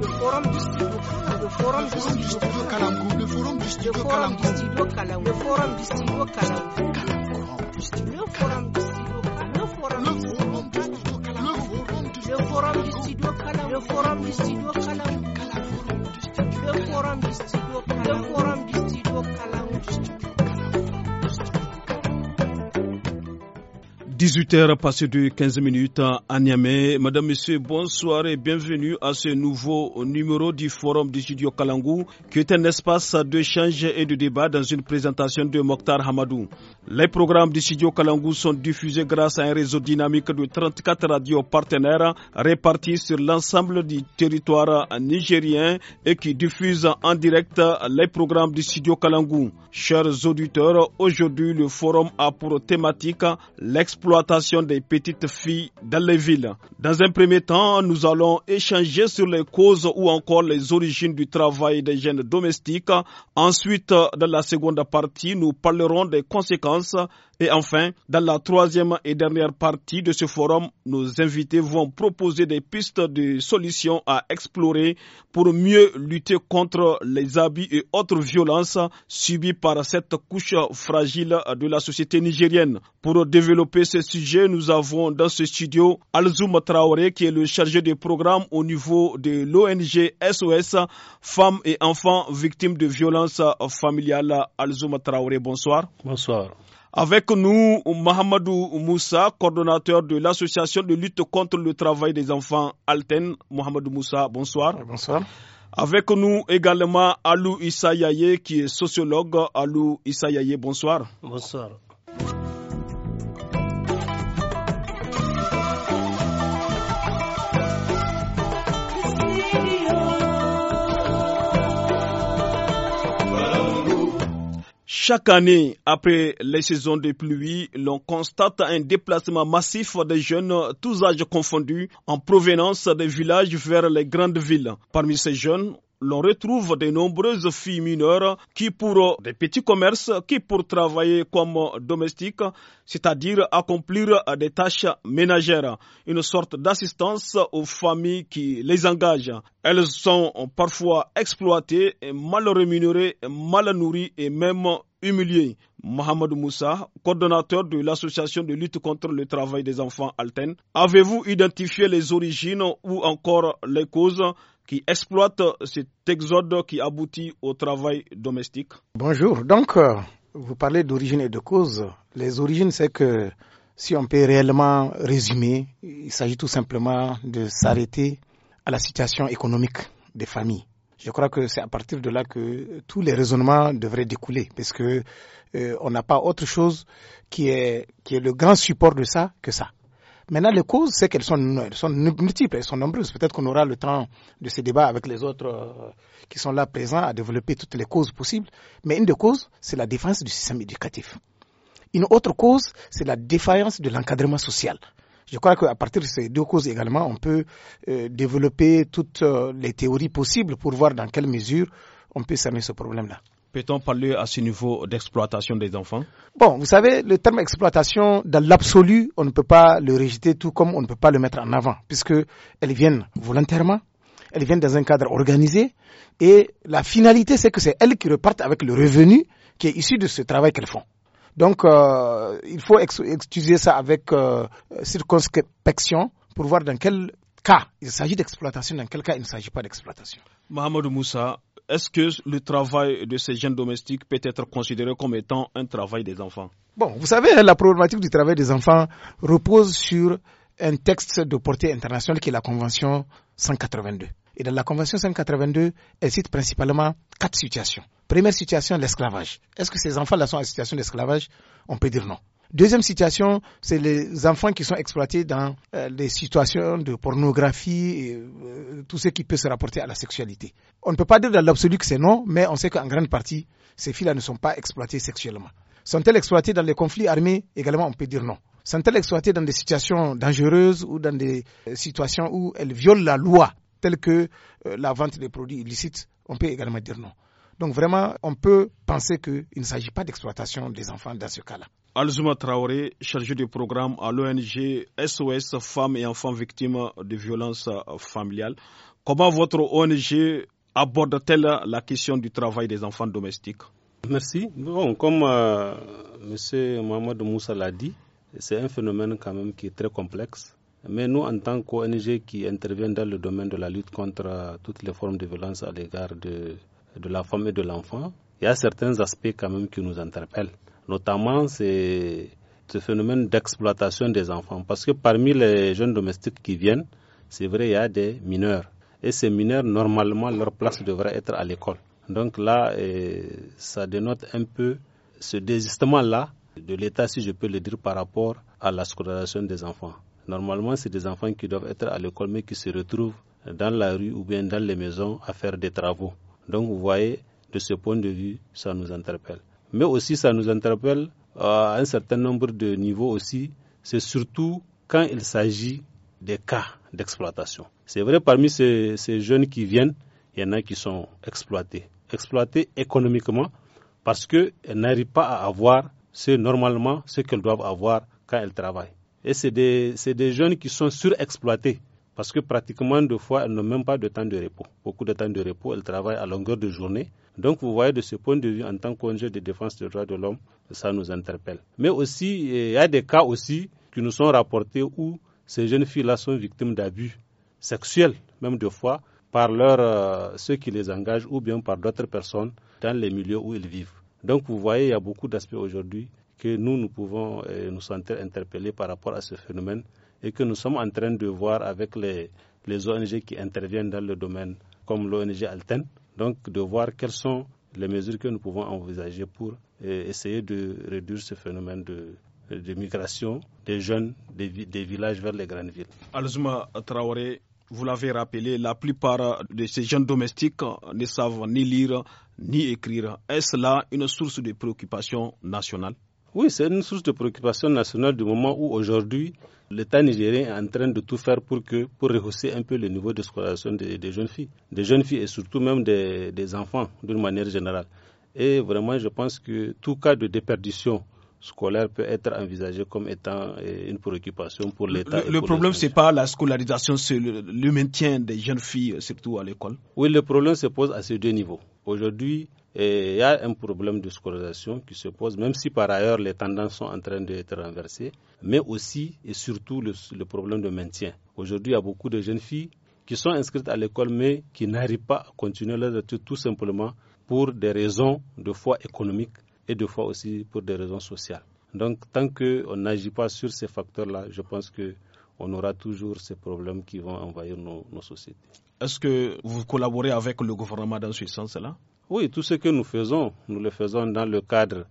le forum du studio le forum du studio le forum du le forum du le forum du le forum le forum le forum du le forum du le forum 18h passé de 15 minutes à Niamey. Madame, Messieurs, bonsoir et bienvenue à ce nouveau numéro du Forum du Studio Kalangou, qui est un espace d'échange et de débat dans une présentation de Mokhtar Hamadou. Les programmes du Studio Kalangou sont diffusés grâce à un réseau dynamique de 34 radios partenaires répartis sur l'ensemble du territoire nigérien et qui diffusent en direct les programmes du Studio Kalangou. Chers auditeurs, aujourd'hui, le Forum a pour thématique l'exploration des petites filles dans les villes. Dans un premier temps, nous allons échanger sur les causes ou encore les origines du travail des jeunes domestiques. Ensuite, dans la seconde partie, nous parlerons des conséquences et enfin, dans la troisième et dernière partie de ce forum, nos invités vont proposer des pistes de solutions à explorer pour mieux lutter contre les abus et autres violences subies par cette couche fragile de la société nigérienne. Pour développer ce sujet, nous avons dans ce studio Alzoum Traoré qui est le chargé des programmes au niveau de l'ONG SOS Femmes et enfants victimes de violences familiales. Alzoum Traoré, bonsoir. Bonsoir. Avec nous, Mohamedou Moussa, coordonnateur de l'association de lutte contre le travail des enfants Alten. Mohamedou Moussa, bonsoir. Bonsoir. Avec nous également Alou Issa Yaye, qui est sociologue. Alou Issa Yaye, bonsoir. Bonsoir. Chaque année, après les saisons de pluie, l'on constate un déplacement massif des jeunes, tous âges confondus, en provenance des villages vers les grandes villes. Parmi ces jeunes, l'on retrouve de nombreuses filles mineures qui pour des petits commerces, qui pour travailler comme domestiques, c'est-à-dire accomplir des tâches ménagères, une sorte d'assistance aux familles qui les engagent. Elles sont parfois exploitées, mal rémunérées, mal nourries et même humilié Mohamed Moussa, coordonnateur de l'association de lutte contre le travail des enfants Alten. Avez-vous identifié les origines ou encore les causes qui exploitent cet exode qui aboutit au travail domestique Bonjour. Donc, euh, vous parlez d'origine et de cause. Les origines, c'est que si on peut réellement résumer, il s'agit tout simplement de s'arrêter à la situation économique des familles. Je crois que c'est à partir de là que tous les raisonnements devraient découler, parce que euh, on n'a pas autre chose qui est qui est le grand support de ça que ça. Maintenant, les causes, c'est qu'elles sont, elles sont multiples, elles sont nombreuses. Peut-être qu'on aura le temps de ces débats avec les autres euh, qui sont là présents à développer toutes les causes possibles. Mais une des causes, c'est la défense du système éducatif. Une autre cause, c'est la défaillance de l'encadrement social. Je crois qu'à partir de ces deux causes également, on peut euh, développer toutes euh, les théories possibles pour voir dans quelle mesure on peut cerner ce problème-là. Peut-on parler à ce niveau d'exploitation des enfants Bon, vous savez, le terme exploitation, dans l'absolu, on ne peut pas le rejeter tout comme on ne peut pas le mettre en avant, puisque elles viennent volontairement, elles viennent dans un cadre organisé, et la finalité, c'est que c'est elles qui repartent avec le revenu qui est issu de ce travail qu'elles font. Donc, euh, il faut excuser ça avec euh, circonspection pour voir dans quel cas il s'agit d'exploitation, dans quel cas il ne s'agit pas d'exploitation. Mohamed Moussa, est-ce que le travail de ces jeunes domestiques peut être considéré comme étant un travail des enfants Bon, vous savez, la problématique du travail des enfants repose sur un texte de portée internationale qui est la Convention 182. Et dans la Convention 182, elle cite principalement quatre situations. Première situation, l'esclavage. Est-ce que ces enfants-là sont en situation d'esclavage On peut dire non. Deuxième situation, c'est les enfants qui sont exploités dans euh, les situations de pornographie et euh, tout ce qui peut se rapporter à la sexualité. On ne peut pas dire dans l'absolu que c'est non, mais on sait qu'en grande partie, ces filles-là ne sont pas exploitées sexuellement. Sont-elles exploitées dans les conflits armés Également, on peut dire non. Sont-elles exploitées dans des situations dangereuses ou dans des euh, situations où elles violent la loi, telles que la vente des produits illicites On peut également dire non. Donc vraiment, on peut penser qu'il ne s'agit pas d'exploitation des enfants dans ce cas-là. Alzuma Traoré, chargé du programme à l'ONG SOS Femmes et Enfants Victimes de Violences Familiales. Comment votre ONG aborde-t-elle la question du travail des enfants domestiques Merci. comme euh, M. Mohamed Moussa l'a dit, c'est un phénomène quand même qui est très complexe. Mais nous, en tant qu'ONG qui intervient dans le domaine de la lutte contre toutes les formes de violence à l'égard de, de la femme et de l'enfant, il y a certains aspects quand même qui nous interpellent. Notamment, c'est ce phénomène d'exploitation des enfants. Parce que parmi les jeunes domestiques qui viennent, c'est vrai, il y a des mineurs. Et ces mineurs, normalement, leur place devrait être à l'école. Donc là, eh, ça dénote un peu ce désistement-là de l'État, si je peux le dire, par rapport à la scolarisation des enfants. Normalement, c'est des enfants qui doivent être à l'école, mais qui se retrouvent dans la rue ou bien dans les maisons à faire des travaux. Donc vous voyez, de ce point de vue, ça nous interpelle. Mais aussi, ça nous interpelle euh, à un certain nombre de niveaux aussi. C'est surtout quand il s'agit des cas d'exploitation. C'est vrai, parmi ces, jeunes qui viennent, il y en a qui sont exploités. Exploités économiquement parce qu'elles n'arrivent pas à avoir ce, normalement ce qu'elles doivent avoir quand elles travaillent. Et c'est des, des jeunes qui sont surexploités parce que pratiquement deux fois, elles n'ont même pas de temps de repos. Beaucoup de temps de repos, elles travaillent à longueur de journée. Donc vous voyez de ce point de vue, en tant qu'ONG de défense des droits de l'homme, ça nous interpelle. Mais aussi, eh, il y a des cas aussi qui nous sont rapportés où ces jeunes filles-là sont victimes d'abus sexuels, même deux fois, par leur, euh, ceux qui les engagent ou bien par d'autres personnes dans les milieux où ils vivent. Donc vous voyez, il y a beaucoup d'aspects aujourd'hui que nous, nous pouvons eh, nous sentir interpellés par rapport à ce phénomène et que nous sommes en train de voir avec les, ONG qui interviennent dans le domaine, comme l'ONG Alten, donc de voir quelles sont les mesures que nous pouvons envisager pour euh, essayer de réduire ce phénomène de, migration des jeunes des, villages vers les grandes villes. Alzuma Traoré, vous l'avez rappelé, la plupart de ces jeunes domestiques ne savent ni lire ni écrire. Est-ce là une source de préoccupation nationale oui, c'est une source de préoccupation nationale du moment où aujourd'hui l'État nigérien est en train de tout faire pour que pour rehausser un peu le niveau de scolarisation des, jeunes filles, des jeunes filles et surtout même des, enfants d'une manière générale. Et vraiment, je pense que tout cas de déperdition scolaire peut être envisagé comme étant eh, une préoccupation pour l'État. Le, problème, ce n'est pas la scolarisation, c'est le, le, maintien des jeunes filles, surtout à l'école. Oui, le problème se pose à ces deux niveaux. Aujourd'hui, il y a un problème de scolarisation qui se pose, même si par ailleurs les tendances sont en train d'être renversées, mais aussi et surtout le, problème de maintien. Aujourd'hui, il y a beaucoup de jeunes filles qui sont inscrites à l'école mais qui n'arrivent pas à continuer leur études tout simplement pour des raisons de fois économiques et de fois aussi pour des raisons sociales. Donc tant qu'on n'agit pas sur ces facteurs-là, je pense que on aura toujours ces problèmes qui vont envahir nos sociétés. Est-ce que vous collaborez avec le gouvernement dans ce sens-là oui, tout ce que nous faisons, nous le faisons dans le cadre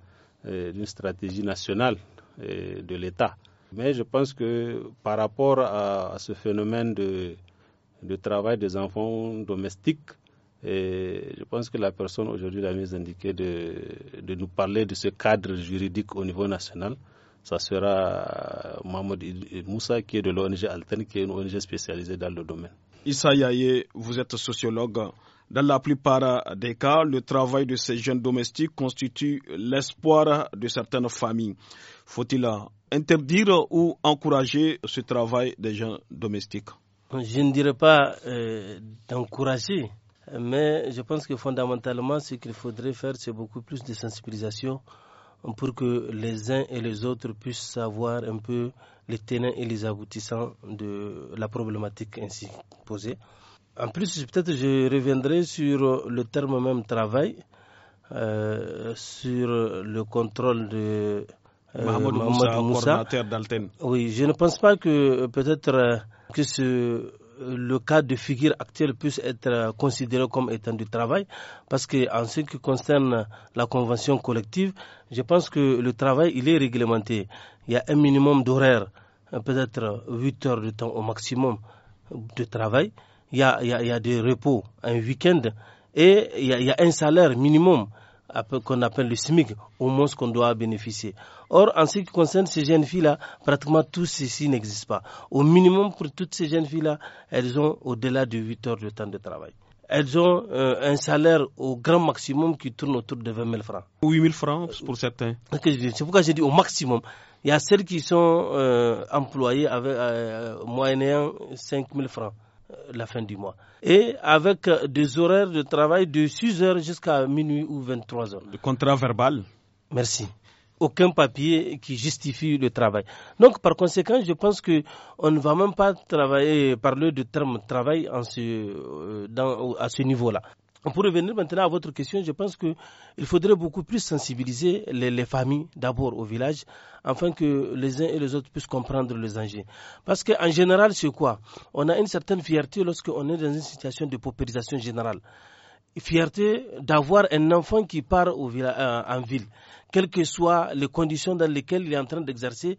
euh, d'une stratégie nationale euh, de l'État. Mais je pense que par rapport à, ce phénomène de, travail des enfants domestiques, euh, je pense que la personne aujourd'hui l'a mieux indiquée de, nous parler de ce cadre juridique au niveau national. Ça sera Mahmoud Moussa, qui est de l'ONG Alten, qui est une ONG spécialisée dans le domaine. Issa Yaye, vous êtes sociologue. Dans la plupart des cas, le travail de ces jeunes domestiques constitue l'espoir de certaines familles. Faut-il interdire ou encourager ce travail des jeunes domestiques Je ne dirais pas euh, d'encourager, mais je pense que fondamentalement, ce qu'il faudrait faire, c'est beaucoup plus de sensibilisation pour que les uns et les autres puissent savoir un peu les tenants et les aboutissants de la problématique ainsi posée. En plus, peut-être je reviendrai sur le terme même travail, euh, sur le contrôle de euh, Moussa, Oui, je ne pense pas que euh, peut-être euh, que ce le cas de figure actuelle puisse être considéré comme étant du travail, parce que en ce qui concerne la convention collective, je pense que le travail il est réglementé. Il y a un minimum d'horaire, peut-être 8 heures de temps au maximum de travail il y a, des repos, un week-end, et il y, a, un salaire minimum qu'on appelle le SMIC, au moins qu'on doit bénéficier. Or, en ce qui concerne ces jeunes filles-là, pratiquement tout ceci n'existe pas. Au minimum, pour toutes ces jeunes filles-là, elles ont au-delà de 8 heures de temps de travail. Elles ont euh, un salaire au grand maximum qui tourne autour de 20 000 francs. 8 000 francs pour certains. C'est pourquoi j'ai dit au maximum. Il y a celles qui sont euh, employées avec moyen euh, moyennant 5 000 francs. Euh, la fin du mois. Et avec euh, des horaires de travail de 6 heures jusqu'à minuit ou 23 heures. Le contrat verbal Merci. Aucun papier qui justifie le travail. Donc, par conséquent, je pense que on ne va même pas travailler, parler de terme travail en ce, euh, dans, à ce niveau-là. Pour revenir maintenant à votre question, je pense qu'il faudrait beaucoup plus sensibiliser les, familles d'abord au village afin que les uns et les autres puissent comprendre les enjeux. Parce qu'en général, c'est quoi On a une certaine fierté lorsqu'on est dans une situation de paupérisation générale fierté d'avoir un enfant qui part euh, en ville, quelles que soient les conditions dans lesquelles il est en train d'exercer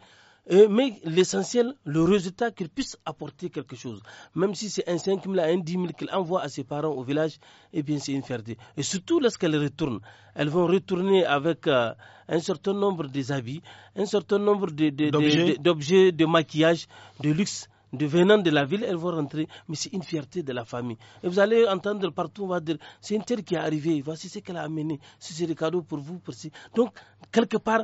euh, mais l'essentiel, le résultat, qu'il puisse apporter quelque chose. Même si c'est un 5 000 à un 10 000 qu'il envoie à ses parents au village, eh bien, c'est une fierté. Et surtout lorsqu'elles retournent, elles vont retourner avec euh, un certain nombre des habits, un certain nombre d'objets, de, maquillage, de luxe. De venant de la ville, elles vont rentrer, mais c'est une fierté de la famille. Et vous allez entendre partout, on va dire, c'est une telle qui est arrivée, voici ce qu'elle a amené, c'est des cadeaux pour vous, pour si. Donc, quelque part,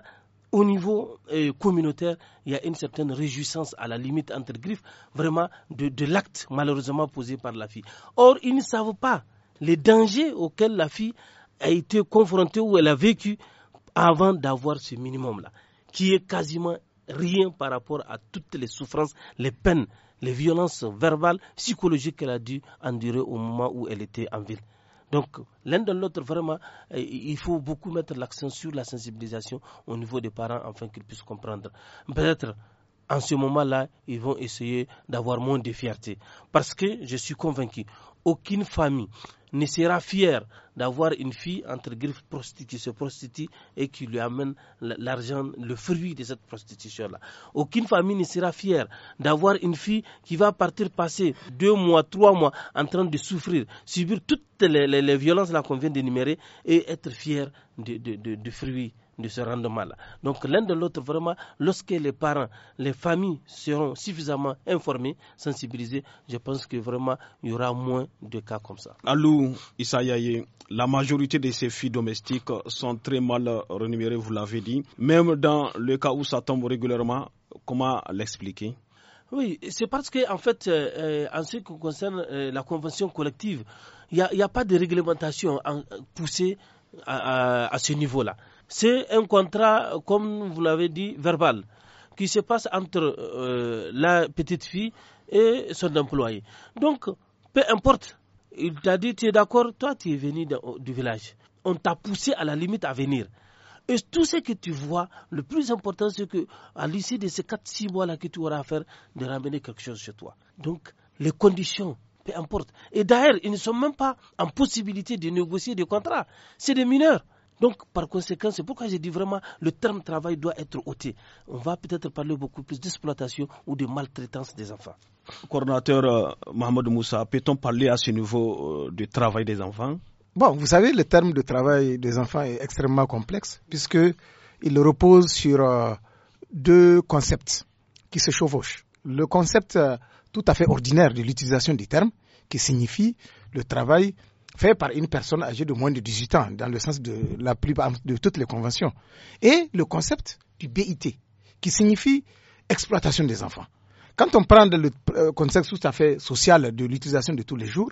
au niveau euh, communautaire, il y a une certaine réjouissance à la limite entre griffes, vraiment, de, de l'acte malheureusement posé par la fille. Or, ils ne savent pas les dangers auxquels la fille a été confrontée ou elle a vécu avant d'avoir ce minimum-là, qui est quasiment rien par rapport à toutes les souffrances, les peines, les violences verbales, psychologiques qu'elle a dû endurer au moment où elle était en ville. Donc, l'un de l'autre, vraiment, euh, il faut beaucoup mettre l'accent sur la sensibilisation au niveau des parents afin qu'ils puissent comprendre. Peut-être, en ce moment-là, ils vont essayer d'avoir moins de fierté. Parce que je suis convaincu, aucune famille ne sera fière d'avoir une fille entre griffes prostituée et qui lui amène l'argent, le fruit de cette prostitution-là. Aucune famille ne sera fière d'avoir une fille qui va partir passer deux mois, trois mois en train de souffrir, subir toutes les, violences qu'on vient d'énumérer et être fière du de, fruit de ce rendement-là. Donc l'un de l'autre, vraiment, lorsque les parents, les familles seront suffisamment informés, sensibilisés, je pense que vraiment, il y aura moins de cas comme ça. Alou Yaye, la majorité de ces filles domestiques sont très mal rémunérées, vous l'avez dit. Même dans le cas où ça tombe régulièrement, comment l'expliquer oui, c'est parce que en fait, euh, en ce qui concerne euh, la convention collective, il n'y a, pas de réglementation poussée à ce niveau-là c'est un contrat, comme vous l'avez dit, verbal, qui se passe entre euh, la petite fille et son employé. Donc, peu importe, il t'a dit, tu es d'accord, toi tu es venu du village. On t'a poussé à la limite à venir. Et tout ce que tu vois, le plus important, c'est que à l'issue de ces 4-6 mois-là que tu auras à faire, de ramener quelque chose chez toi. Donc, les conditions, peu importe. Et d'ailleurs, ils ne sont même pas en possibilité de négocier des contrats. C'est des mineurs. Donc, par conséquent, c'est pourquoi j'ai dit vraiment le terme travail doit être ôté. On va peut-être parler beaucoup plus d'exploitation ou de maltraitance des enfants. Coordinateur euh, Moussa, peut-on parler à ce niveau euh, du travail des enfants Bon, vous savez, le terme de travail des enfants est extrêmement complexe puisque il repose sur euh, deux concepts qui se chevauchent. Le concept tout à fait ordinaire de l'utilisation du terme qui signifie le travail fait par une personne âgée de moins de 18 ans, dans le sens de la plupart de toutes les conventions, et le concept du BIT, qui signifie exploitation des enfants. Quand on prend le euh, contexte tout à fait social de l'utilisation de tous les jours,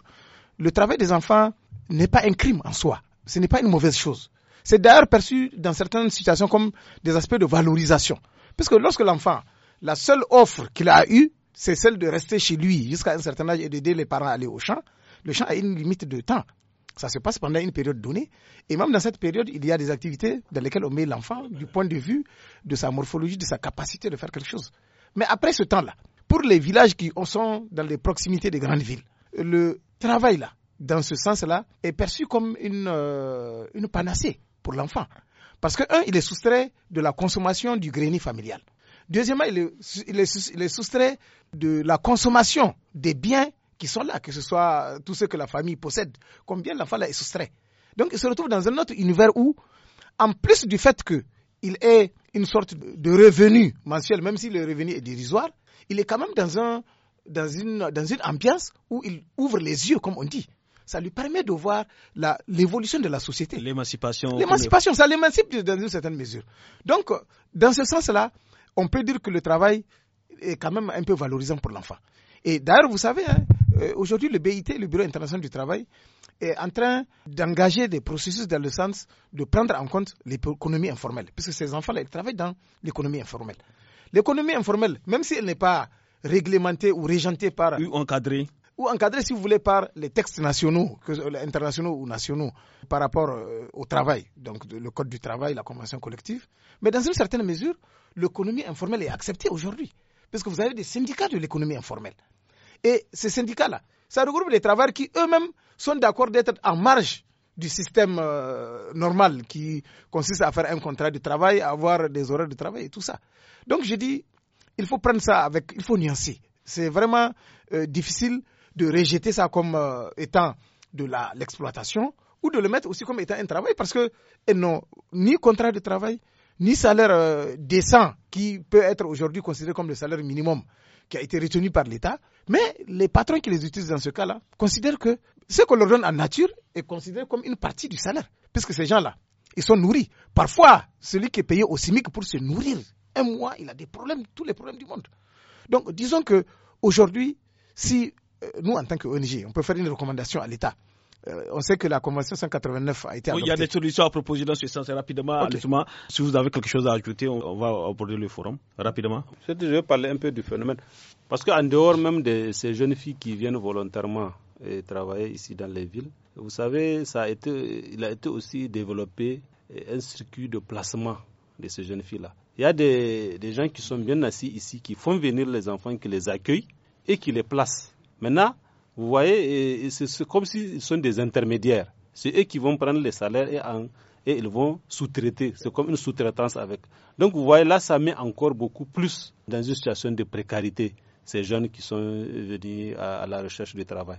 le travail des enfants n'est pas un crime en soi, ce n'est pas une mauvaise chose. C'est d'ailleurs perçu dans certaines situations comme des aspects de valorisation. Parce que lorsque l'enfant, la seule offre qu'il a eue, c'est celle de rester chez lui jusqu'à un certain âge et d'aider les parents à aller au champ, le champ a une limite de temps. Ça se passe pendant une période donnée. Et même dans cette période, il y a des activités dans lesquelles on met l'enfant du point de vue de sa morphologie, de sa capacité de faire quelque chose. Mais après ce temps-là, pour les villages qui sont dans les proximités des grandes villes, le travail-là, dans ce sens-là, est perçu comme euh, une, panacée pour l'enfant. Parce que, un, il est soustrait de la consommation du grenier familial. Deuxièmement, il il est soustrait de la consommation des biens qui sont là, que ce soit euh, tout ceux que la famille possède, combien l'enfant là est soustrait. Donc il se retrouve dans un autre univers où, en plus du fait qu'il ait une sorte de revenu mensuel, même si le revenu est dérisoire, il est quand même dans, un, dans, une, dans une ambiance où il ouvre les yeux, comme on dit ça lui permet de voir l'évolution de la société. L'émancipation. L'émancipation, ça l'émancipe dans une certaine mesure. Donc, dans ce sens-là, on peut dire que le travail est quand même un peu valorisant pour l'enfant. Et d'ailleurs, vous savez, hein, euh, aujourd'hui, le BIT, le Bureau international du travail, est en train d'engager des processus dans le sens de prendre en compte l'économie informelle, puisque ces enfants-là, ils travaillent dans l'économie informelle. L'économie informelle, même si elle n'est pas réglementée ou régentée par... Ou encadrée ou encadrée, si vous voulez, par les textes nationaux, internationaux ou nationaux, par rapport euh, au travail, donc le Code du travail, la Convention collective. Mais dans une certaine mesure, l'économie informelle est acceptée aujourd'hui, parce que vous avez des syndicats de l'économie informelle. Et ces syndicats-là, ça regroupe les travailleurs qui eux-mêmes sont d'accord d'être en marge du système euh, normal qui consiste à faire un contrat de travail, à avoir des horaires de travail et tout ça. Donc je dis, il faut prendre ça avec, il faut nuancer. C'est vraiment euh, difficile de rejeter ça comme euh, étant de l'exploitation ou de le mettre aussi comme étant un travail parce que eh n'ont ni contrat de travail, ni salaire décent qui peut être aujourd'hui considéré comme le salaire minimum qui a été retenu par l'État. Mais les patrons qui les utilisent dans ce cas-là considèrent que ce qu'on leur donne en nature est considéré comme une partie du salaire, puisque ces gens-là, ils sont nourris. Parfois, celui qui est payé au CIMIC pour se nourrir, un mois, il a des problèmes, tous les problèmes du monde. Donc, disons que aujourd'hui, si euh, nous, en tant qu'ONG, on peut faire une recommandation à l'État, euh, on sait que la Convention 189 a été adoptée. il y a des solutions à proposer dans ce sens. Rapidement, si vous avez quelque chose à ajouter, on, va aborder le forum. Rapidement. Je vais parler un peu du phénomène. Parce qu'en dehors même de ces jeunes filles qui viennent volontairement et euh, travailler ici dans les villes, vous savez, ça a été, il a été aussi développé euh, un circuit de placement de ces jeunes filles-là. Il y a des, des gens qui sont bien assis ici, qui font venir les enfants, qui les accueillent et qui les placent. Maintenant, vous voyez, c'est comme s'ils sont des intermédiaires. C'est eux qui vont prendre les salaires et, ils vont sous-traiter. C'est comme une sous-traitance avec. Donc vous voyez, là, ça met encore beaucoup plus dans une situation de précarité ces jeunes qui sont venus à, la recherche du travail.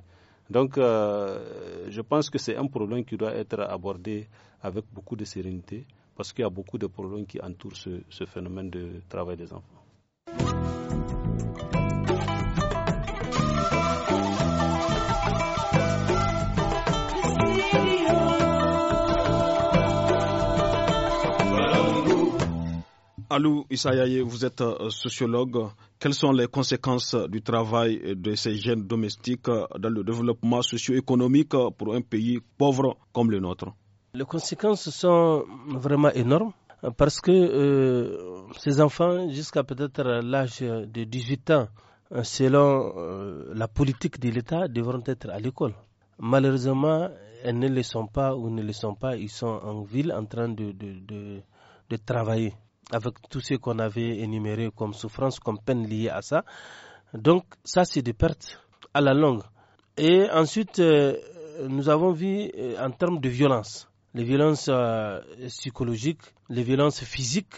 Donc euh, je pense que c'est un problème qui doit être abordé avec beaucoup de sérénité parce qu'il y a beaucoup de problèmes qui entourent ce, ce phénomène de travail des enfants. Alou Issayaye, vous êtes euh, sociologue. Quelles sont les conséquences du travail de ces jeunes domestiques euh, dans le développement socio-économique euh, pour un pays pauvre comme le nôtre Les conséquences sont vraiment énormes parce que ces enfants, jusqu'à peut-être l'âge de 18 ans, selon la politique de l'État, devront être à l'école. Malheureusement, elles ne le sont pas ou ne le sont pas. Ils sont en ville en train de travailler avec tout ce qu'on avait énuméré comme souffrance, comme peine liée à ça. Donc ça, c'est des pertes à la longue. Et ensuite, euh, nous avons vu euh, en termes de violence, les violences euh, psychologiques, les violences physiques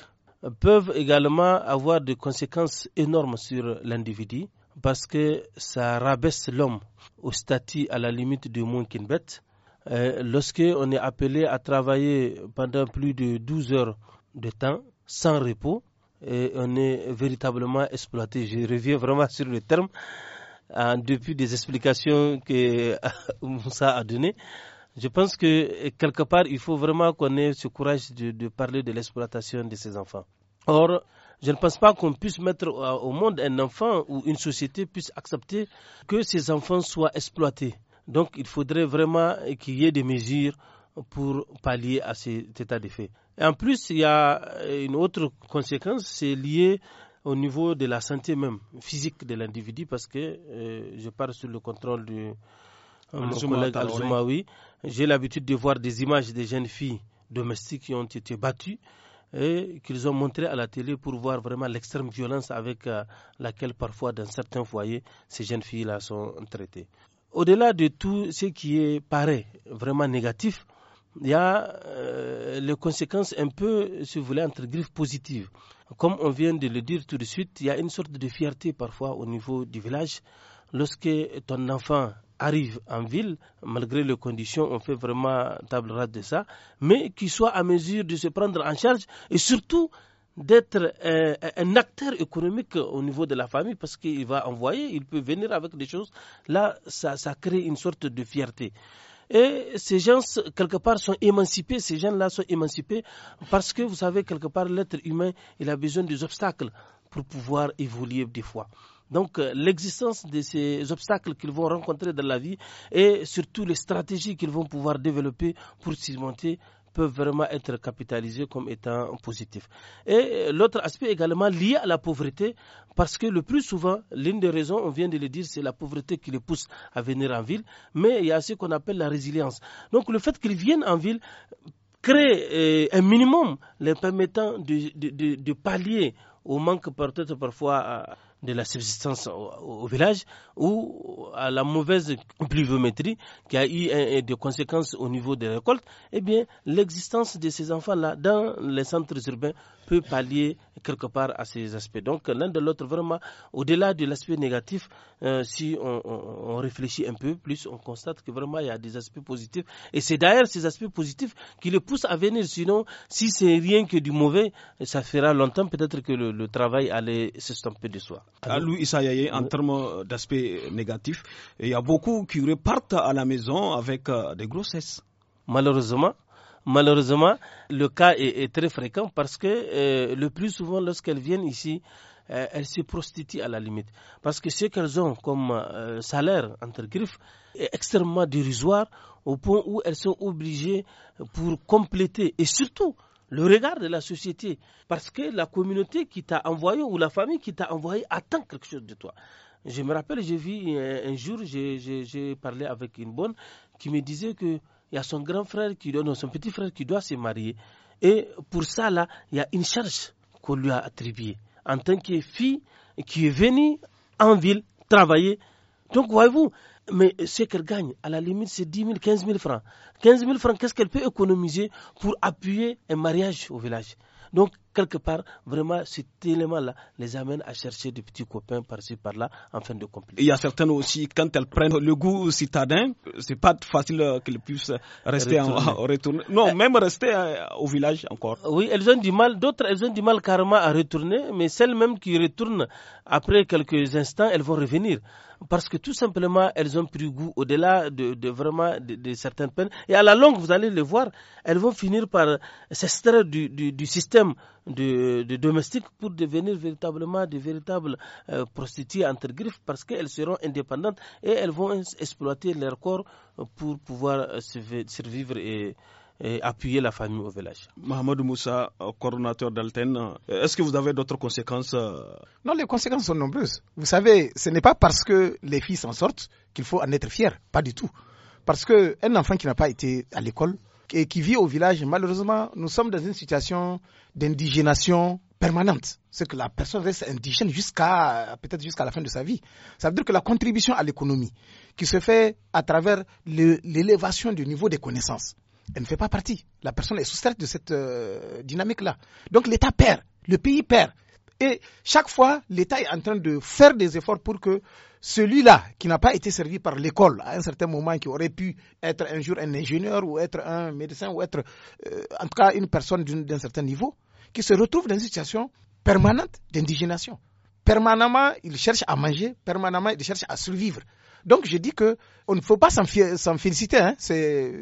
peuvent également avoir des conséquences énormes sur l'individu parce que ça rabaisse l'homme au statut à la limite de moins qu'une bête. Lorsqu'on est appelé à travailler pendant plus de 12 heures de temps, sans repos et on est véritablement exploité. Je reviens vraiment sur le terme. Hein, depuis des explications que Moussa a données, je pense que quelque part, il faut vraiment qu'on ait ce courage de, de parler de l'exploitation de ces enfants. Or, je ne pense pas qu'on puisse mettre au monde un enfant ou une société puisse accepter que ces enfants soient exploités. Donc, il faudrait vraiment qu'il y ait des mesures pour pallier à cet état de fait. Et en plus, il y a euh, une autre conséquence, c'est lié au niveau de la santé même, physique de l'individu, parce que euh, je parle sur le contrôle du euh, mon collègue J'ai l'habitude de voir des images des jeunes filles domestiques qui ont été battues et qu'ils ont montré à la télé pour voir vraiment l'extrême violence avec laquelle parfois dans certains foyers ces jeunes filles-là sont traitées. Au-delà de tout ce qui est paraît vraiment négatif, il y a euh, les conséquences un peu, si vous voulez, entre griffes positives. Comme on vient de le dire tout de suite, il y a une sorte de fierté parfois au niveau du village. Lorsque ton enfant arrive en ville, malgré les conditions, on fait vraiment table rase de ça, mais qu'il soit à mesure de se prendre en charge et surtout d'être un acteur économique au niveau de la famille parce qu'il va envoyer, il peut venir avec des choses. Là, ça crée une sorte de fierté. Et ces gens, quelque part, sont émancipés, ces gens-là sont émancipés parce que, vous savez, quelque part, l'être humain, il a besoin des obstacles pour pouvoir évoluer des fois. Donc euh, l'existence de ces obstacles qu'ils vont rencontrer dans la vie et surtout les stratégies qu'ils vont pouvoir développer pour surmonter peuvent vraiment être capitalisés comme étant positifs. Et euh, l'autre aspect également lié à la pauvreté, parce que le plus souvent, l'une des raisons, on vient de le dire, c'est la pauvreté qui les pousse à venir en ville, mais il y a ce qu'on appelle la résilience. Donc le fait qu'ils viennent en ville crée euh, un minimum les permettant de, de pallier au manque peut-être parfois de la subsistance au, village ou à la mauvaise pluviométrie qui a eu des conséquences au niveau des récoltes, eh bien, l'existence de ces enfants-là dans les centres urbains peut pallier quelque part à ces aspects. Donc, l'un de l'autre, vraiment, au-delà de l'aspect négatif, euh, si on, réfléchit un peu plus, on constate que vraiment, il y a des aspects positifs. Et c'est derrière ces aspects positifs qui les poussent à venir. Sinon, si c'est rien que du mauvais, ça fera longtemps peut-être que le, le travail allait s'estomper de soi. Louis en termes d'aspect négatif, il y a beaucoup qui repartent à la maison avec euh, des grossesses. Malheureusement, malheureusement, le cas est, très fréquent parce que euh, le plus souvent, lorsqu'elles viennent ici, euh, elles se prostituent à la limite. Parce que ce qu'elles ont comme salaire, entre griffes, est extrêmement dérisoire au point où elles sont obligées pour compléter et surtout le regard de la société, parce que la communauté qui t'a envoyé ou la famille qui t'a envoyé attend quelque chose de toi. Je me rappelle, j'ai vu un, jour, j'ai parlé avec une bonne qui me disait qu'il y a son grand frère qui doit, son petit frère qui doit se marier. Et pour ça, là, il y a une charge qu'on lui a attribuée en tant que fille qui est venue en ville travailler. Donc, voyez-vous, mais ce qu'elle gagne, à la limite, c'est 10 000, 15 000 francs. 15 000 francs, qu'est-ce qu'elle peut économiser pour appuyer un mariage au village Donc, quelque part, vraiment, cet élément-là les amène à chercher des petits copains par-ci, par-là, en fin de compte. Il y a certaines aussi, quand elles prennent le goût citadin, c'est pas facile euh, qu'elles puissent rester retourner. En, retourner. Non, euh, même rester euh, au village encore. Oui, elles ont du mal. D'autres, elles ont du mal carrément à retourner, mais celles-mêmes qui retournent, après quelques instants, elles vont revenir parce que tout simplement, elles ont pris goût au-delà de, de, vraiment de, certaines peines. Et à la longue, vous allez le voir, elles vont finir par s'extraire du, du, du, système de, de domestique pour devenir véritablement des véritables euh, prostituées entre griffes parce qu'elles seront indépendantes et elles vont exploiter leur corps pour pouvoir euh, survivre et et appuyer la famille au village. Mohamed Moussa, euh, coordonnateur d'Alten, euh, est-ce que vous avez d'autres conséquences euh? Non, les conséquences sont nombreuses. Vous savez, ce n'est pas parce que les filles s'en sortent qu'il faut en être fier, pas du tout. Parce qu'un enfant qui n'a pas été à l'école et qui vit au village, malheureusement, nous sommes dans une situation d'indigénation permanente. C'est que la personne reste indigène jusqu'à peut-être jusqu'à la fin de sa vie. Ça veut dire que la contribution à l'économie qui se fait à travers l'élévation du niveau des connaissances, elle ne fait pas partie. La personne est soustraite de cette euh, dynamique-là. Donc l'État perd, le pays perd. Et chaque fois, l'État est en train de faire des efforts pour que celui-là, qui n'a pas été servi par l'école à un certain moment, qui aurait pu être un jour un ingénieur ou être un médecin ou être euh, en tout cas une personne d'un certain niveau, qui se retrouve dans une situation permanente d'indigénation. Permanemment, il cherche à manger, permanemment, il cherche à survivre. Donc je dis que ne faut pas s'en féliciter. Hein. C'est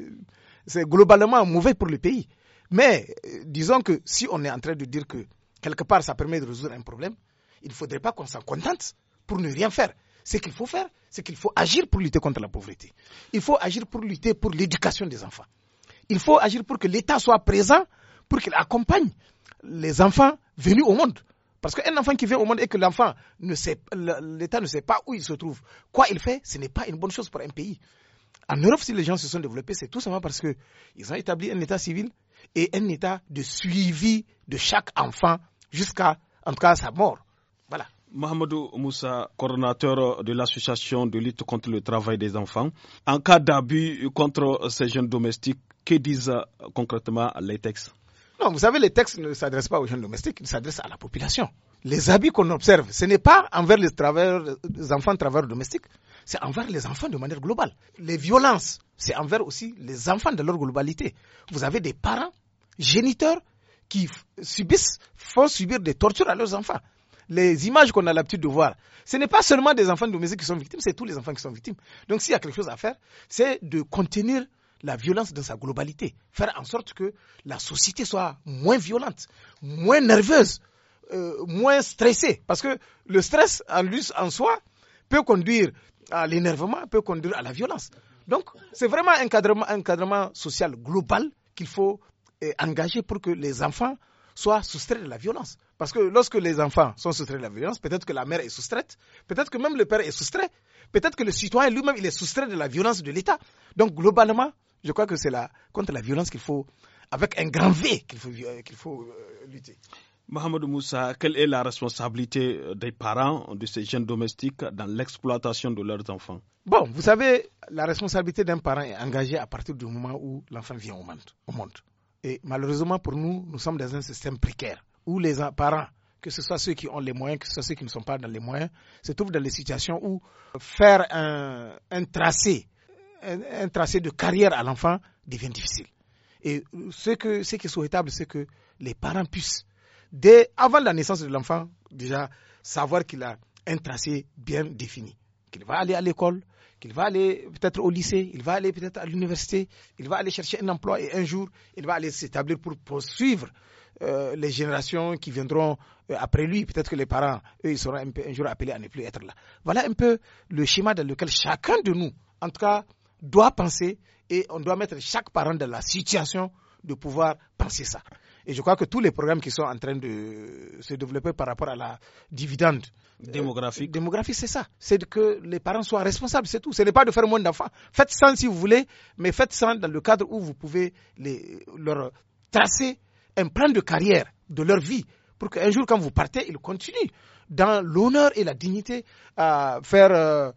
c'est globalement mauvais pour le pays. Mais euh, disons que si on est en train de dire que quelque part ça permet de résoudre un problème, il ne faudrait pas qu'on s'en contente pour ne rien faire. Ce qu'il faut faire, c'est qu'il faut agir pour lutter contre la pauvreté. Il faut agir pour lutter pour l'éducation des enfants. Il faut agir pour que l'État soit présent, pour qu'il accompagne les enfants venus au monde. Parce qu'un enfant qui vient au monde et que l'enfant ne sait, l'État ne sait pas où il se trouve, quoi il fait, ce n'est pas une bonne chose pour un pays. En Europe, si les gens se sont développés, c'est tout simplement parce qu'ils ont établi un état civil et un état de suivi de chaque enfant jusqu'à, en cas, sa mort. Voilà. Mohamedou Moussa, coordonnateur de l'association de lutte contre le travail des enfants. En cas d'abus contre ces jeunes domestiques, que disent concrètement les textes Non, vous savez, les textes ne s'adressent pas aux jeunes domestiques, ils s'adressent à la population les habits qu'on observe, ce n'est pas envers les, enfants travailleurs domestiques, c'est envers les enfants de manière globale. Les violences, c'est envers aussi les enfants de leur globalité. Vous avez des parents, géniteurs, qui subissent, font subir des tortures à leurs enfants. Les images qu'on a l'habitude de voir, ce n'est pas seulement des enfants domestiques qui sont victimes, c'est tous les enfants qui sont victimes. Donc s'il y a quelque chose à faire, c'est de contenir la violence dans sa globalité, faire en sorte que la société soit moins violente, moins nerveuse, euh, moins stressé. Parce que le stress en, en soi peut conduire à l'énervement, peut conduire à la violence. Donc, c'est vraiment un cadrement, social global qu'il faut euh, engager pour que les enfants soient soustraits de la violence. Parce que lorsque les enfants sont soustraits de la violence, peut-être que la mère est soustraite, peut-être que même le père est soustrait, peut-être que le citoyen lui-même il est soustrait de la violence de l'État. Donc globalement, je crois que c'est contre la violence qu'il faut, avec un grand V, qu'il faut, euh, qu'il faut lutter. Mohamed Moussa, quelle est la responsabilité des parents de ces jeunes domestiques dans l'exploitation de leurs enfants Bon, vous savez, la responsabilité d'un parent est engagée à partir du moment où l'enfant vient au monde, au monde. Et malheureusement pour nous, nous sommes dans un système précaire où les parents, que ce soit ceux qui ont les moyens, que ce soit ceux qui ne sont pas dans les moyens, se trouvent dans des situations où faire un, un tracé, un, tracé de carrière à l'enfant devient difficile. Et ce, que, ce qui est souhaitable, c'est que les parents puissent dès avant la naissance de l'enfant, déjà savoir qu'il a un tracé bien défini, qu'il va aller à l'école, qu'il va aller peut-être au lycée, il va aller peut-être à l'université, il va aller chercher un emploi et un jour, il va aller s'établir pour poursuivre euh, les générations qui viendront euh, après lui. Peut-être que les parents, eux, ils seront un, jour appelés à ne plus être là. Voilà un peu le schéma dans lequel chacun de nous, en tout cas, doit penser et on doit mettre chaque parent dans la situation de pouvoir penser ça. Et je crois que tous les programmes qui sont en train de se développer par rapport à la dividende euh, démographique, c'est ça. C'est que les parents soient responsables, c'est tout. Ce n'est pas de faire moins d'enfants. Faites ça si vous voulez, mais faites ça dans le cadre où vous pouvez leur tracer un plan de carrière de leur vie pour qu'un jour, quand vous partez, ils continuent dans l'honneur et la dignité à faire euh,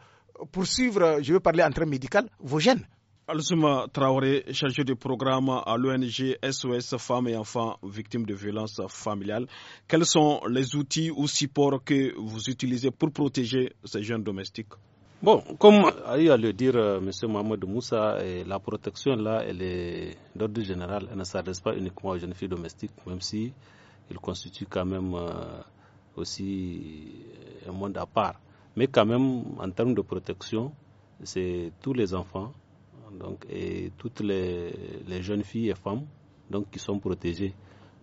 poursuivre, je veux parler en termes médical, vos gènes. Alzuma Traoré, chargé de programme à l'ONG SOS Femmes et Enfants Victimes de Violences Familiales, quels sont les outils ou supports que vous utilisez pour protéger ces jeunes domestiques Bon, comme a eu à le dire euh, M. Mohamed Moussa, la protection là, elle est d'ordre général, elle ne s'adresse pas uniquement aux jeunes filles domestiques, même si il constitue quand même euh, aussi euh, un monde à part. Mais quand même, en termes de protection, c'est tous les enfants donc, et toutes les, jeunes filles et femmes donc, qui sont protégées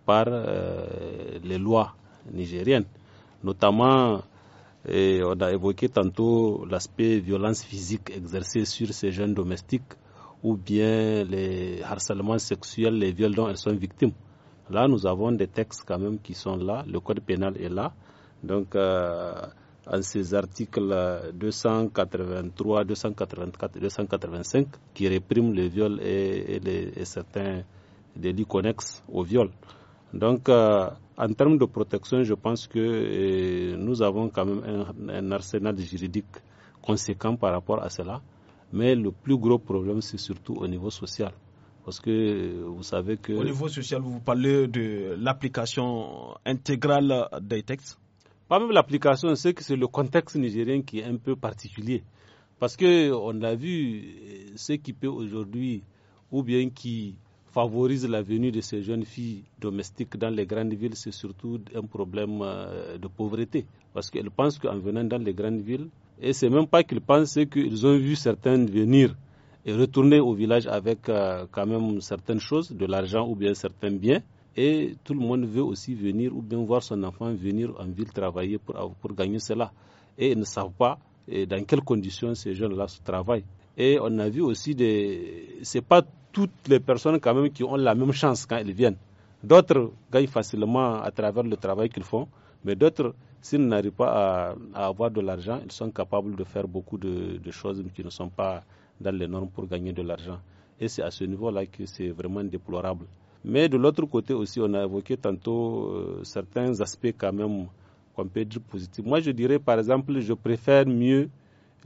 par euh, les lois nigériennes. Notamment, et on a évoqué tantôt l'aspect violence physique exercée sur ces jeunes domestiques ou bien les harcèlements sexuels, les viols dont elles sont victimes. Là, nous avons des textes quand même qui sont là, le code pénal est là. Donc, euh, en ces articles 283, 284 et 285 qui répriment les viols et, les, certains délits connexes au viol. Donc, euh, en termes de protection, je pense que euh, nous avons quand même un, un, arsenal juridique conséquent par rapport à cela. Mais le plus gros problème, c'est surtout au niveau social. Parce que euh, vous savez que. Au niveau social, vous parlez de l'application intégrale des textes pas même l'application, c'est que c'est le contexte nigérien qui est un peu particulier. Parce que on a vu euh, ce qui peut aujourd'hui, ou bien qui favorise la venue de ces jeunes filles domestiques dans les grandes villes, c'est surtout un problème euh, de pauvreté. Parce qu'elles pensent qu'en venant dans les grandes villes, et c'est même pas qu'ils pensent, c'est qu'ils ont vu certains venir et retourner au village avec euh, quand même certaines choses, de l'argent ou bien certains biens. Et tout le monde veut aussi venir ou bien voir son enfant venir en ville travailler pour, pour gagner cela. Et ils ne savent pas dans quelles conditions ces jeunes-là travaillent. Et on a vu aussi des. Ce pas toutes les personnes quand même qui ont la même chance quand elles viennent. D'autres gagnent facilement à travers le travail qu'ils font, mais d'autres, s'ils n'arrivent pas à, avoir de l'argent, ils sont capables de faire beaucoup de, de choses qui ne sont pas dans les normes pour gagner de l'argent. Et c'est à ce niveau-là que c'est vraiment déplorable. Mais de l'autre côté aussi, on a évoqué tantôt euh, certains aspects quand même qu'on peut dire positifs. Moi, je dirais par exemple, je préfère mieux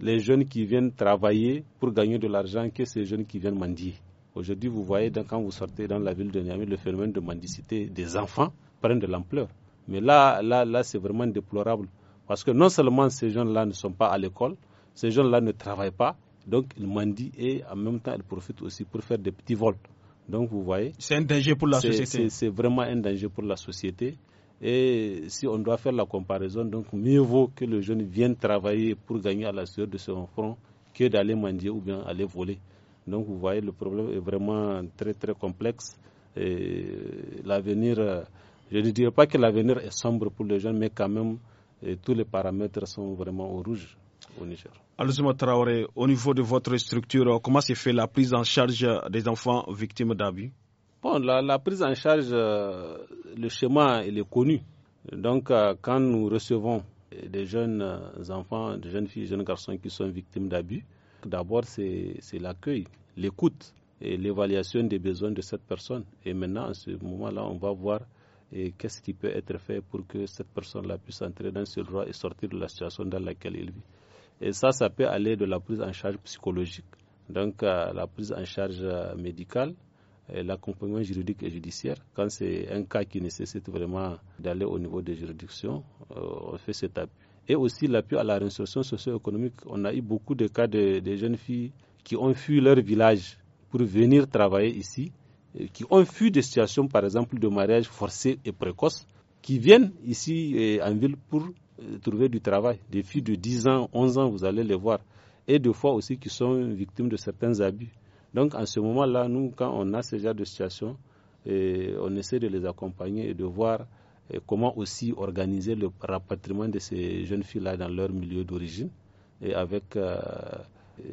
les jeunes qui viennent travailler pour gagner de l'argent que ces jeunes qui viennent mendier. Aujourd'hui, vous voyez, quand vous sortez dans la ville de Niamey, le phénomène de mendicité des enfants prend de l'ampleur. Mais là, là c'est vraiment déplorable. Parce que non seulement ces jeunes-là ne sont pas à l'école, ces jeunes-là ne travaillent pas, donc ils mendient et en même temps, ils profitent aussi pour faire des petits vols. Donc vous voyez. C'est un danger pour la société. C'est vraiment un danger pour la société. Et si on doit faire la comparaison, donc mieux vaut que le jeune vienne travailler pour gagner à la sueur de son front que d'aller mendier ou bien aller voler. Donc vous voyez, le problème est vraiment très très complexe. Et l'avenir, je ne dirais pas que l'avenir est sombre pour les jeunes, mais quand même, tous les paramètres sont vraiment au rouge au Niger. Traoré, au niveau de votre structure, comment s'est fait la prise en charge des enfants victimes d'abus Bon, la, prise en charge, euh, le schéma, il est connu. Donc, euh, quand nous recevons des jeunes euh, enfants, des jeunes filles, des jeunes garçons qui sont victimes d'abus, d'abord, c'est l'accueil, l'écoute et l'évaluation des besoins de cette personne. Et maintenant, à ce moment-là, on va voir qu'est-ce qui peut être fait pour que cette personne-là puisse entrer dans ce droit et sortir de la situation dans laquelle elle vit. Et ça, ça peut aller de la prise en charge psychologique, donc euh, la prise en charge euh, médicale, l'accompagnement juridique et judiciaire. Quand c'est un cas qui nécessite vraiment d'aller au niveau des juridictions, euh, on fait cette appui. Et aussi l'appui à la réinsertion socio-économique. On a eu beaucoup de cas de, jeunes filles qui ont fui leur village pour venir travailler ici, qui ont fui des situations, par exemple, de mariage forcé et précoce, qui viennent ici en ville pour euh, trouver du travail. Des filles de 10 ans, 11 ans, vous allez les voir. Et des fois aussi qui sont victimes de certains abus. Donc, en ce moment-là, nous, quand on a ce genre de situation, euh, on essaie de les accompagner et de voir euh, comment aussi organiser le rapatriement de ces jeunes filles-là dans leur milieu d'origine et avec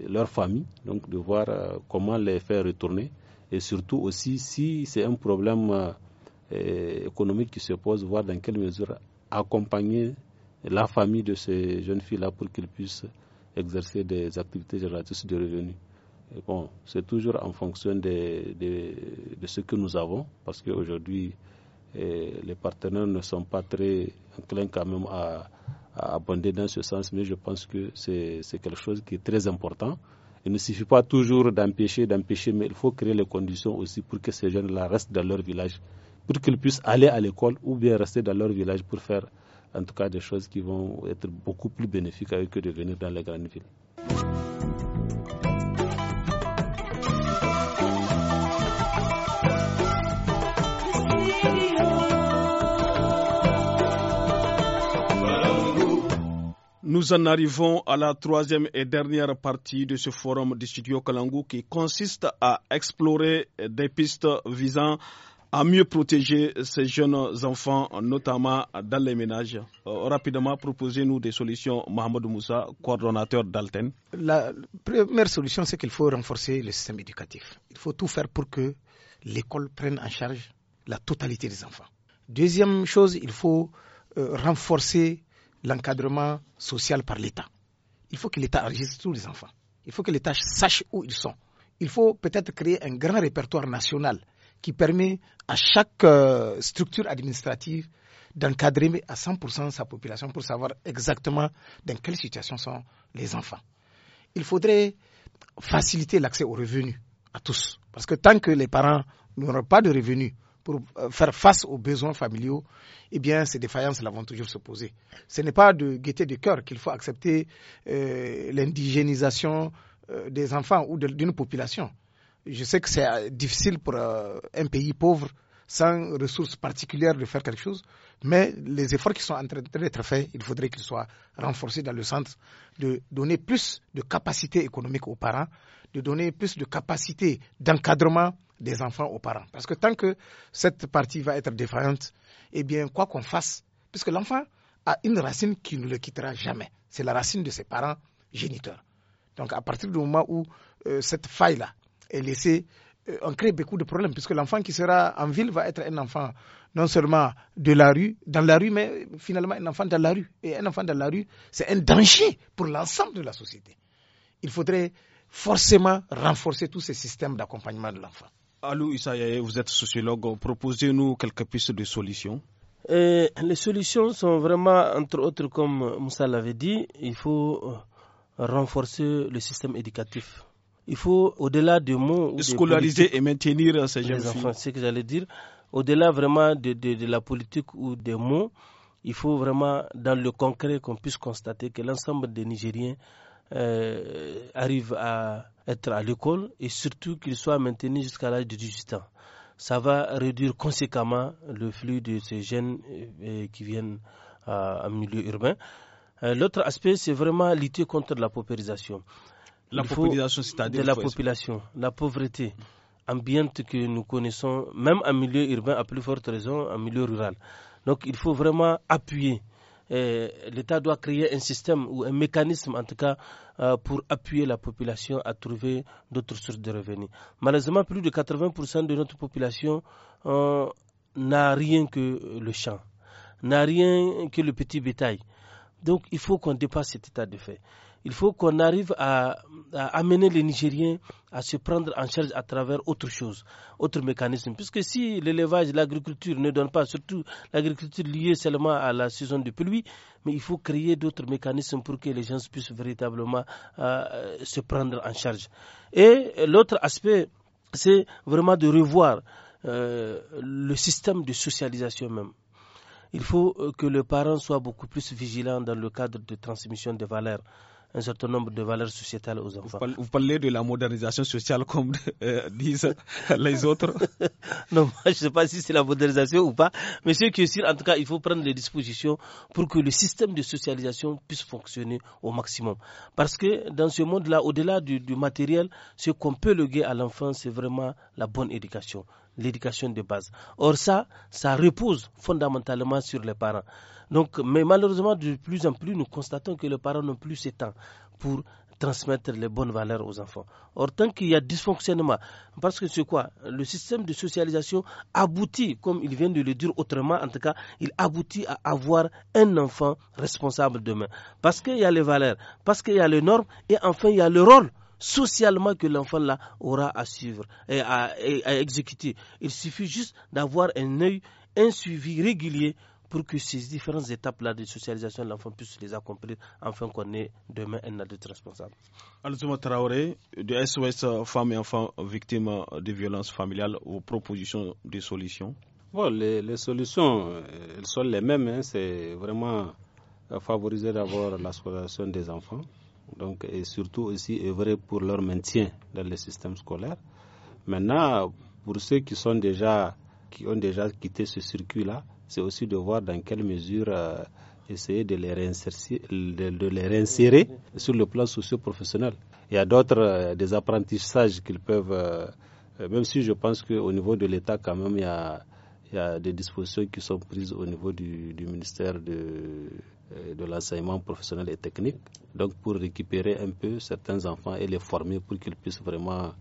leur famille, donc de voir comment les faire retourner. Et surtout aussi, si c'est un problème économique qui se pose, voir dans quelle mesure accompagner la famille de ces jeunes filles-là pour qu'ils puissent exercer des activités génératrices de revenus. bon, c'est toujours en fonction de, ce que nous avons, parce qu'aujourd'hui, eh, les partenaires ne sont pas très enclins quand même à, à abonder dans ce sens, mais je pense que c'est quelque chose qui est très important. Il ne suffit pas toujours d'empêcher, d'empêcher, mais il faut créer les conditions aussi pour que ces jeunes-là restent dans leur village, pour qu'ils puissent aller à l'école ou bien rester dans leur village pour faire en tout cas des choses qui vont être beaucoup plus bénéfiques à eux que de venir dans les grandes villes. Nous en arrivons à la troisième et dernière partie de ce forum du studio Kalangu qui consiste à explorer des pistes visant à mieux protéger ces jeunes enfants, notamment dans les ménages euh, Rapidement, proposez-nous des solutions, Mohamed Moussa, coordonnateur d'Alten. La première solution, c'est qu'il faut renforcer le système éducatif. Il faut tout faire pour que l'école prenne en charge la totalité des enfants. Deuxième chose, il faut euh, renforcer l'encadrement social par l'État. Il faut que l'État enregistre tous les enfants. Il faut que l'État sache où ils sont. Il faut peut-être créer un grand répertoire national qui permet à chaque euh, structure administrative d'encadrer à 100% sa population pour savoir exactement dans quelle situation sont les enfants. Il faudrait faciliter l'accès aux revenus à tous. Parce que tant que les parents n'auront pas de revenus pour euh, faire face aux besoins familiaux, eh ces défaillances là vont toujours se poser. Ce n'est pas de gaieté de cœur qu'il faut accepter euh, l'indigénisation des enfants ou d'une population je sais que c'est euh, difficile pour euh, un pays pauvre sans ressources particulières de faire quelque chose, mais les efforts qui sont en train d'être faits, il faudrait qu'ils soient renforcés dans le sens de donner plus de capacité économique aux parents, de donner plus de capacité d'encadrement des enfants aux parents. Parce que tant que cette partie va être défaillante, eh bien, quoi qu'on fasse, puisque l'enfant a une racine qui ne le quittera jamais, c'est la racine de ses parents géniteurs. Donc, à partir du moment où euh, cette faille-là et laisser, euh, on crée beaucoup de problèmes puisque l'enfant qui sera en ville va être un enfant non seulement de la rue, dans la rue, mais finalement un enfant dans la rue. Et un enfant dans la rue, c'est un danger pour l'ensemble de la société. Il faudrait forcément renforcer tous ces systèmes d'accompagnement de l'enfant. Alou vous êtes sociologue, proposez-nous quelques pistes de solutions. Euh, les solutions sont vraiment, entre autres, comme Moussa l'avait dit, il faut euh, renforcer le système éducatif il faut, au-delà des mots. Scolariser et maintenir ces jeunes enfants. C'est ce que j'allais dire. Au-delà vraiment de, de, de, la politique ou des mots, il faut vraiment, dans le concret, qu'on puisse constater que l'ensemble des Nigériens euh, arrivent à être à l'école et surtout qu'ils soient maintenus jusqu'à l'âge de 18 ans. Ça va réduire conséquemment le flux de ces jeunes euh, euh, qui viennent euh, en milieu urbain. L'autre aspect, c'est vraiment lutter contre la paupérisation la de la population, la pauvreté ambiante que nous connaissons, même en milieu urbain, à plus forte raison en milieu rural. Donc il faut vraiment appuyer. Eh, L'État doit créer un système ou un mécanisme, en tout cas, euh, pour appuyer la population à trouver d'autres sources de revenus. Malheureusement, plus de 80% de notre population euh, n'a rien que le champ, n'a rien que le petit bétail. Donc il faut qu'on dépasse cet état de fait il faut qu'on arrive à, amener les Nigériens à se prendre en charge à travers autre chose, autre mécanisme. Puisque si l'élevage, l'agriculture ne donne pas, surtout l'agriculture liée seulement à la saison de pluie, mais il faut créer d'autres mécanismes pour que les gens puissent véritablement euh, se prendre en charge. Et l'autre aspect, c'est vraiment de revoir euh, le système de socialisation même il faut euh, que les parents soient beaucoup plus vigilants dans le cadre de transmission des valeurs un certain nombre de valeurs sociétales aux enfants. Vous parlez, de la modernisation sociale comme euh, disent les autres Non, je ne sais pas si c'est la modernisation ou pas, mais qui est sûr en tout cas, il faut prendre les dispositions pour que le système de socialisation puisse fonctionner au maximum. Parce que dans ce monde-là, au-delà du, du matériel, ce qu'on peut léguer à l'enfant, c'est vraiment la bonne éducation, l'éducation de base. Or ça, ça repose fondamentalement sur les parents. Donc, mais malheureusement, de plus en plus, nous constatons que les parents n'ont plus ce temps pour transmettre les bonnes valeurs aux enfants. Or, tant qu'il y a dysfonctionnement, parce que c'est quoi Le système de socialisation aboutit, comme il vient de le dire autrement, en tout cas, il aboutit à avoir un enfant responsable demain. Parce qu'il y a les valeurs, parce qu'il y a les normes, et enfin, il y a le rôle socialement que l'enfant là aura à suivre et à, exécuter. Il suffit juste d'avoir un œil, un suivi régulier pour que ces différentes étapes-là de socialisation de l'enfant puissent les accomplir afin qu'on ait demain un adulte responsable. Alzuma Traoré, de SOS Femmes et Enfants Victimes de Violences Familiales, vos propositions de solutions les, solutions, euh, elles sont les mêmes. Hein. C'est vraiment euh, favoriser d'abord la scolarisation des enfants donc, et surtout aussi œuvrer pour leur maintien dans le système scolaire. Maintenant, pour ceux qui, sont déjà, qui ont déjà quitté ce circuit-là, c'est aussi de voir dans quelle mesure euh, essayer de les, réinsérer, de, les sur le plan socio-professionnel. Il y a d'autres, euh, des apprentissages qu'ils peuvent, euh, même si je pense qu'au niveau de l'État, quand même, il y, a, des dispositions qui sont prises au niveau du, ministère de, l'enseignement professionnel et technique, donc pour récupérer un peu certains enfants et les former pour qu'ils puissent vraiment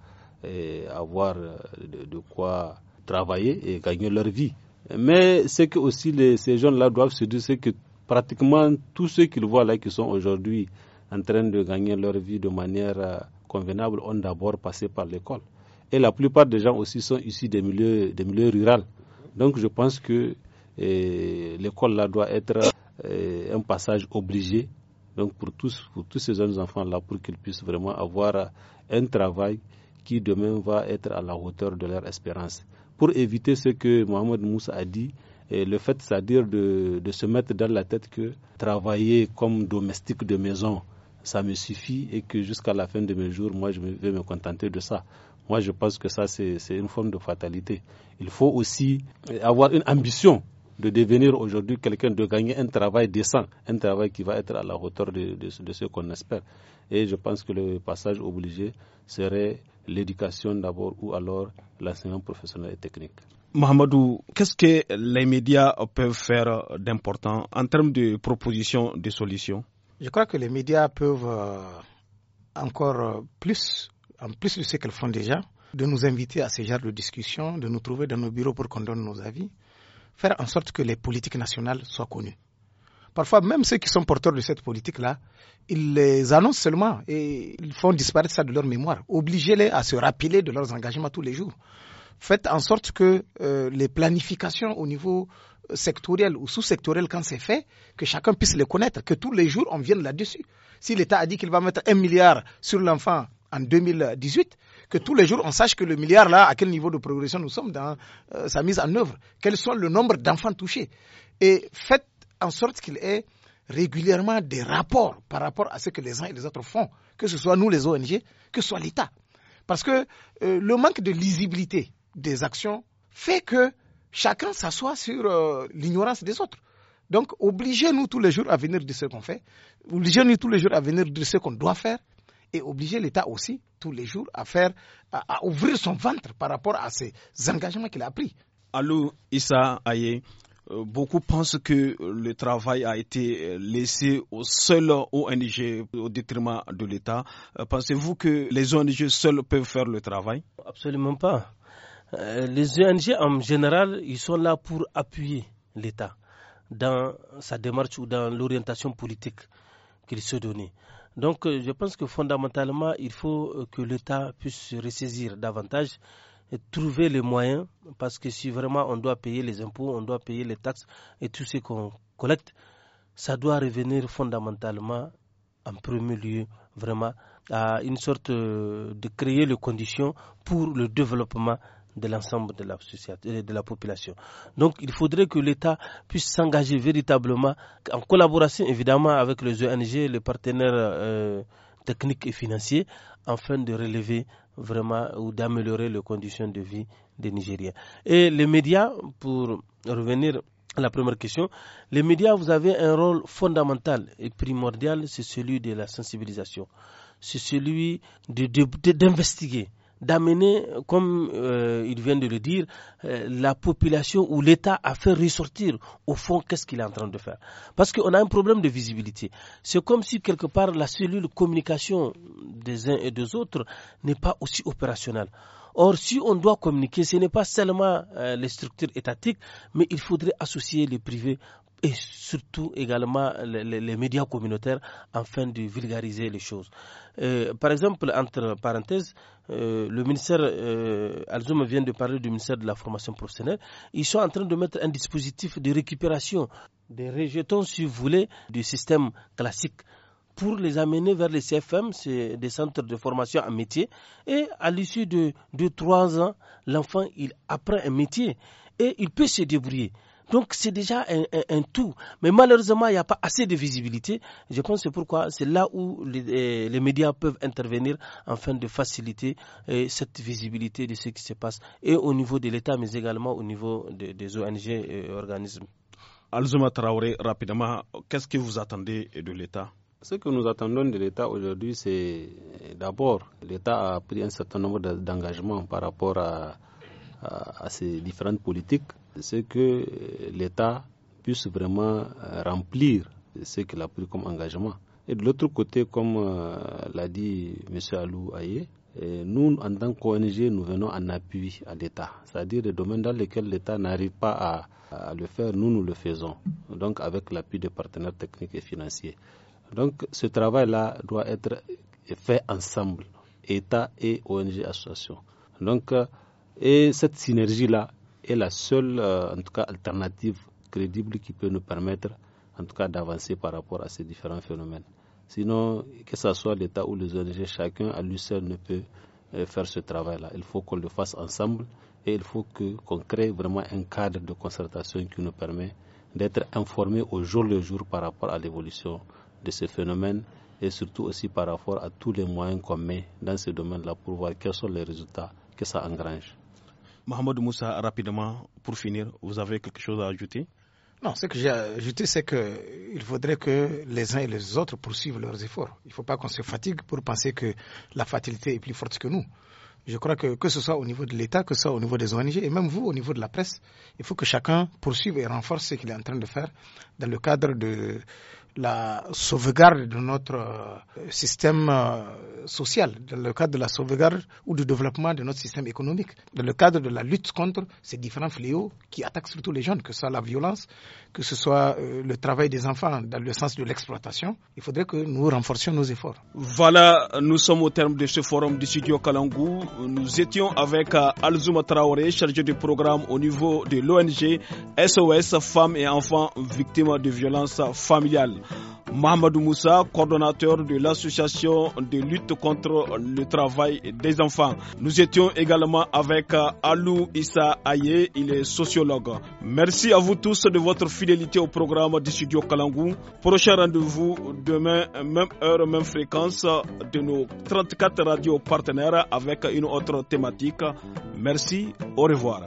avoir de quoi travailler et gagner leur vie. Mais ce que aussi ces jeunes-là doivent se dire, c'est que pratiquement tous ceux qu'ils voient là qui sont aujourd'hui en train de gagner leur vie de manière euh, convenable ont d'abord passé par l'école. Et la plupart des gens aussi sont ici des milieux, des milieux ruraux. Donc je pense que eh, l'école là doit être eh, un passage obligé donc pour tous, pour tous ces jeunes enfants-là, pour qu'ils puissent vraiment avoir un travail qui demain va être à la hauteur de leur espérance pour éviter ce que Mohamed Moussa a dit, le fait, c'est-à-dire de, se mettre dans la tête que travailler comme domestique de maison, ça me suffit et que jusqu'à la fin de mes jours, moi, je vais me contenter de ça. Moi, je pense que ça, c'est une forme de fatalité. Il faut aussi avoir une ambition de devenir aujourd'hui quelqu'un, de gagner un travail décent, un travail qui va être à la hauteur de ce qu'on espère. Et je pense que le passage obligé serait l'éducation d'abord ou alors l'enseignement professionnel et technique. Mohamedou, qu'est-ce que les médias peuvent faire d'important en termes de propositions de solutions Je crois que les médias peuvent euh, encore plus, en plus de ce qu'elles font déjà, de nous inviter à ce genre de discussion, de nous trouver dans nos bureaux pour qu'on donne nos avis, faire en sorte que les politiques nationales soient connues. Parfois, même ceux qui sont porteurs de cette politique-là, ils les annoncent seulement et ils font disparaître ça de leur mémoire. Obligez-les à se rappeler de leurs engagements tous les jours. Faites en sorte que euh, les planifications au niveau euh, sectoriel ou sous-sectoriel quand c'est fait, que chacun puisse les connaître, que tous les jours on vienne là-dessus. Si l'État a dit qu'il va mettre un milliard sur l'enfant en 2018, que tous les jours on sache que le milliard là, à quel niveau de progression nous sommes dans euh, sa mise en œuvre, quel soit le nombre d'enfants touchés. Et faites en sorte qu'il ait régulièrement des rapports par rapport à ce que les uns et les autres font, que ce soit nous les ONG, que ce soit l'État. Parce que euh, le manque de lisibilité des actions fait que chacun s'assoit sur euh, l'ignorance des autres. Donc, obligez-nous tous les jours à venir de ce qu'on fait, obligez-nous tous les jours à venir de ce qu'on doit faire, et obligez l'État aussi tous les jours à faire, à, ouvrir son ventre par rapport à ses engagements qu'il a pris. Allô, Issa euh, beaucoup pensent que le travail a été euh, laissé aux seuls ONG au détriment de l'État. Euh, pensez-vous que les ONG seuls peuvent faire le travail Absolument pas. Les ONG en général, ils sont là pour appuyer l'État dans sa démarche ou dans l'orientation politique qu'il se donne. Donc je pense que fondamentalement, il faut que l'État puisse se ressaisir davantage et trouver les moyens, parce que si vraiment on doit payer les impôts, on doit payer les taxes et tout ce qu'on collecte, ça doit revenir fondamentalement en premier lieu vraiment à une sorte euh, de créer les conditions pour le développement de l'ensemble de la société, euh, de la population. Donc, il faudrait que l'État puisse s'engager véritablement en collaboration, évidemment, avec les ONG, les partenaires euh, techniques et financiers, afin de relever vraiment ou d'améliorer les conditions de vie des Nigériens. Et les médias, pour revenir à la première question, les médias, vous avez un rôle fondamental et primordial, c'est celui de la sensibilisation, c'est celui d'investiguer. De, d'amener, comme euh, il vient de le dire, euh, la population ou l'État à faire ressortir au fond qu'est-ce qu'il est en train de faire. Parce qu'on a un problème de visibilité. C'est comme si quelque part la cellule communication des uns et des autres n'est pas aussi opérationnelle. Or, si on doit communiquer, ce n'est pas seulement euh, les structures étatiques, mais il faudrait associer les privés et surtout également les, médias communautaires afin de vulgariser les choses. Euh, par exemple, entre parenthèses, euh, le ministère, euh, Alzoum vient de parler du ministère de la formation professionnelle, ils sont en train de mettre un dispositif de récupération des rejetons, si vous voulez, du système classique pour les amener vers les CFM, c'est des centres de formation en métier. Et à l'issue de 2-3 ans, l'enfant, il apprend un métier et il peut se débrouiller. Donc c'est déjà un, tout. Mais malheureusement, il n'y a pas assez de visibilité. Je pense que c'est pourquoi c'est là où les, eh, médias peuvent intervenir afin de faciliter eh, cette visibilité de ce qui se passe et au niveau de l'État, mais également au niveau des ONG et eh, organismes. Alzuma Traoré, rapidement, qu'est-ce que vous attendez de l'État ce que nous attendons de l'État aujourd'hui, c'est d'abord, l'État a pris un certain nombre d'engagements par rapport à, ses à, ces différentes politiques c'est que euh, l'État puisse vraiment euh, remplir ce qu'il a pris comme engagement. Et de l'autre côté, comme euh, l'a dit M. Alou Aye, nous, en tant qu'ONG, nous venons en appui à l'État. C'est-à-dire les domaines dans lesquels l'État n'arrive pas à, le faire, nous, nous le faisons. Donc, avec l'appui des partenaires techniques et financiers. Donc, ce travail-là doit être fait ensemble, État et ONG association. Donc, et cette synergie-là, est la seule, euh, en tout cas, alternative crédible qui peut nous permettre, en tout cas, d'avancer par rapport à ces différents phénomènes. Sinon, que ce soit l'État ou les ONG, chacun à lui seul ne peut euh, faire ce travail-là. Il faut qu'on le fasse ensemble et il faut qu'on crée vraiment un cadre de concertation qui nous permet d'être informés au jour le jour par rapport à l'évolution de ces phénomènes et surtout aussi par rapport à tous les moyens qu'on met dans ce domaine-là pour voir quels sont les résultats que ça engrange. Mohamed Moussa, rapidement, pour finir, vous avez quelque chose à ajouter non, ce que j'ai ajouté, c'est qu'il faudrait que les uns et les autres poursuivent leurs efforts. Il ne faut pas qu'on se fatigue pour penser que la fatalité est plus forte que nous. Je crois que que ce soit au niveau de l'État, que ce soit au niveau des ONG, et même vous, au niveau de la presse, il faut que chacun poursuive et renforce ce qu'il est en train de faire dans le cadre de, la sauvegarde de notre euh, système euh, social, dans le cadre de la sauvegarde ou du développement de notre système économique, dans le cadre de la lutte contre ces différents fléaux qui attaquent surtout les jeunes, que ce soit la violence, que ce soit euh, le travail des enfants dans le sens de l'exploitation. Il faudrait que nous renforcions nos efforts. Voilà, nous sommes au terme de ce forum du studio Kalangou. Nous étions avec Alzuma Traoré, chargé du programme au niveau de l'ONG SOS Femmes et Enfants Victimes de Violences Familiales. Mohamedou Moussa, coordonnateur de l'association de lutte contre le travail des enfants. Nous étions également avec euh, Alou Issa Aye, il est sociologue. Merci à vous tous de votre fidélité au programme du studio Kalangou. Prochain rendez-vous demain, même heure, même fréquence de nos 34 radios partenaires avec une autre thématique. Merci, au revoir.